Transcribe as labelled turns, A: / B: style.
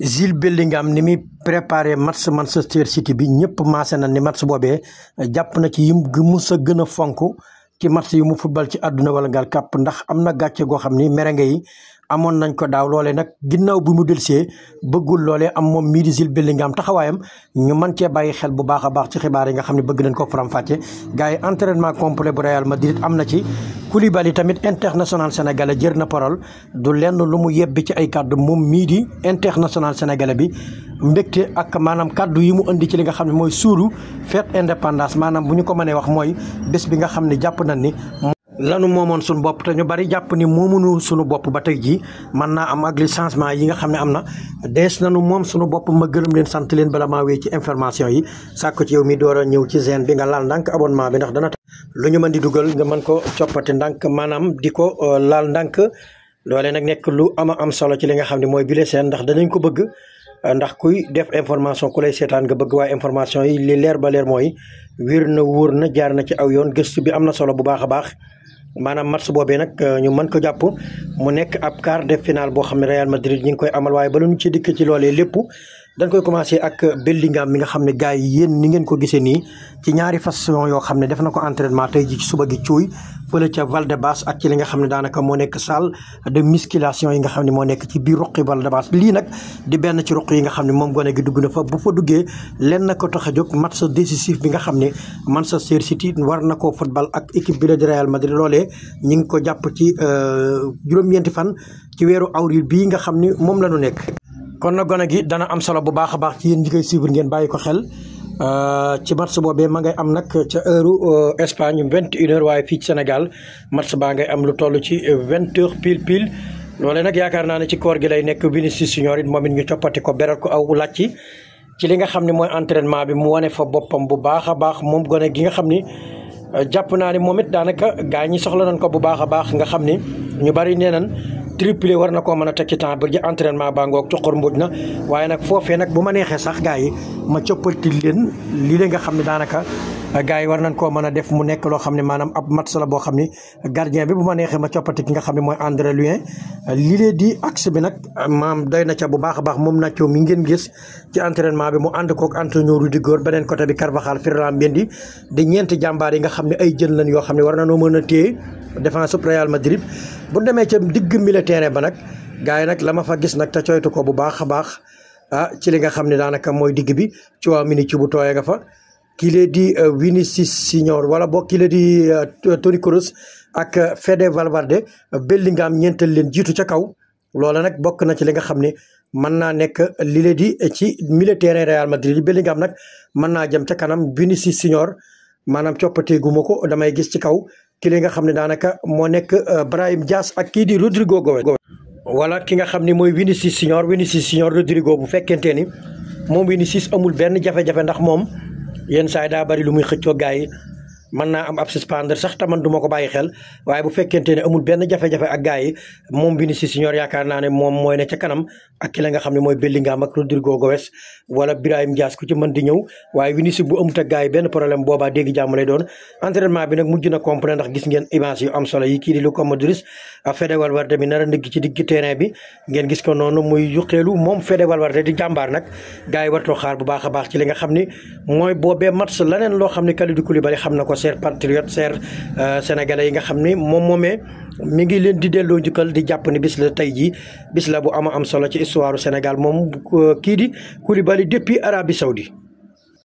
A: Jude Bellingham ni muy préparé match Manchester City bi ñëpp maase na ni match boobee jàpp na ci yim mu sa gën a fonk ki match yi mu football ci àdduna wala ngal kàpp ndax am na gàcce goo xam ni merengue yi amoon nañ ko daaw loolee nag ginnaaw bi mu delsee bëggul loolee am moom mii di Jude Bellingham taxawaayam ñu mën cee bàyyi xel bu baax a baax ci xibaar yi nga xam ne bëgg nañ ko faram-fàcce gars yi entraînement complet bu ma Madrid am na ci Koulibaly tamit international sénégale jër na parole du lenn lu mu yebbi ci ay kàddu moom mii di international sénégalais bi mbégte ak maanaam kaddu yi mu indi ci li nga xam ne mooy suuru fête indépendance maanaam bu ñu ko mënee wax mooy bés bi nga xam ne jàpp nañ ni. lanu moomoon suñu bopp te ñu bari jàpp ni moomunu suñu bopp ba tey jii mën naa am ak li changement yi xam ne am na dees nanu moom suñu bopp ma gërëm leen sant leen bala maa wéy ci information yi sàkk ci yow mi door a ñëw ci gene bi nga laal ndànk abonnement bi ndax dana lu ñu mën di dugal nga man ko coppati ndànk maanaam di ko euh, laal ndànk loolee nag nekk lu ama am solo ci li nga xam ne mooy bile seen ndax danañ ko bëgg euh, ndax kuy def information ku lay seetaan nga bëgg waaye information yi li leer ba leer mooy wér na wóor na jaar na ci aw yoon gëstu bi am na solo bu baax a baax maanaam match boobee nag euh, ñu mën ko jàpp mu nekk ab quart def finale boo xam ne Real Madrid ñu ngi koy amal waaye bala ñu ci dikk ci loolee lépp dañ koy commencé ak Bellingham mi nga xam ne gars yi yéen ni ngeen ko gisee nii ci ñaari façon yoo xam ne def na ko entraînement tey ji ci suba gi cuuy fële ca Valdebas ak ci li nga xam ne daanaka moo nekk salle de musculation yi nga xam ne moo nekk ci biir ruqi Valdebas li nag di benn ci ruq yi nga xam ne moom gone gi dugg na fa bu fo duggee leen na ko tax a jóg match décisif bi nga xam ne Manchester City war na koo football ak équipe bi la di Real Madrid loolee ñu ngi ko jàpp ci euh, juróom-ñeenti fan ci weeru awril nga xam ne moom la ñu nekk kon na gone gi dana am solo bu baax a baax ci yéen ñi koy suivre ngeen bàyyi ko xel euh, ci match boobee ma ngay am nag ca heure euh, Espagne vingt une heure waaye fii ci Sénégal match baa nga am lu toll ci vingt heures pile pile. loolee nag yaakaar naa ne ci koor gi lay nekk Vinicius Junior it moom it ñu coppati ko beral ko aw làcc ci li nga xam ne mooy entrainement bi mu wane fa boppam bu baax a baax moom gone gi nga xam ni. Euh, jàpp naa ne moom it daanaka gaa ñi soxla nan ko bu baax a baax nga xam ni ñu bari nee nañ triplé war na koo mën a teg ci temps bi ji entraînement baa ngoog coxor mbuj na waaye nag foofee nag bu ma neexee sax gars yi ma coppati leen lii nga xam ne daanaka gars yi war nañ koo mën a def mu nekk loo xam ne maanaam ab match la boo xam ne gardien bi bu ma neexee ma coppati ki nga xam ne mooy André Luin lii lee di axe bi nag maam doy na ca bu baax a baax moom Nacho mi ngeen gis ci entraînement bi mu ànd kook Antonio Rudiger beneen côté bi Carvajal Ferland Mendy di jàmbaar yi nga xam ne ay jën lañ yoo xam ne war na mën a téye défense sub Real Madrid bu demee ca digg milieu terrain ba nag gars yi nag la ma fa gis nag te coytu ko bu baax a baax ah ci li nga xam ne daanaka mooy digg bi ci waa mini ci bu tooyee nga fa kii lee di euh, Vinicius Junior wala boog kii lee di euh, Toni Kroos ak euh, Fede Valverde Bellingham ñeental leen jiitu ca kaw loola nag bokk na ci li nga xam ne mën naa nekk li di ci milieu terrain Real Madrid yi Bellingham nag mën naa jëm ca kanam Vinicius Junior maanaam coppateegu ma ko damay gis ci kaw ki li nga xam ne daanaka moo nekk euh, Brahim Diaz ak kii di Rodrigo Goes wala ki nga xam ne mooy Vinicius Junior Vinicius Junior Rodrigo bu fekkente ni moom Vinicius amul benn jafe-jafe ndax moom yenn saa yi bari lu muy xëccoo gars yi mën naa am ab suspendre sax te man du ko bàyyi xel waaye bu fekkente ne amul benn jafe-jafe ak gars yi moom Vinicius Junior yaakaar naa ne moom mooy ne ca kanam ak ki nga xam ne mooy Bellingham ak Rodrigo Goes wala Brahim Diaz ku ci mën di ñëw waaye Vinicius bu amut ak gars yi benn problème boobaa dégg jàmm lay doon entraînement bi nag mujj na complet ndax gis ngeen image yu am solo yi kii di Luka Modric ah, Fede Valverde mi ci digg terrain bi ngeen gis ko noonu muy yuqeelu moom Fede Valverde di jàmbaar nag gars yi wartoo xaar bu baax a baax ci li nga xam ni mooy boobee match laneen loo xam ne Kalidou Koulibaly xam na ko cher patriote cher euh, sénégalais yi nga xam ni moom moomee mi ngi leen di delloo njukkal di jàpp ne bis la tey jii bis la bu ama am solo ci histoire Sénégal moom euh, kii di Koulibaly depuis Arabie Saoudi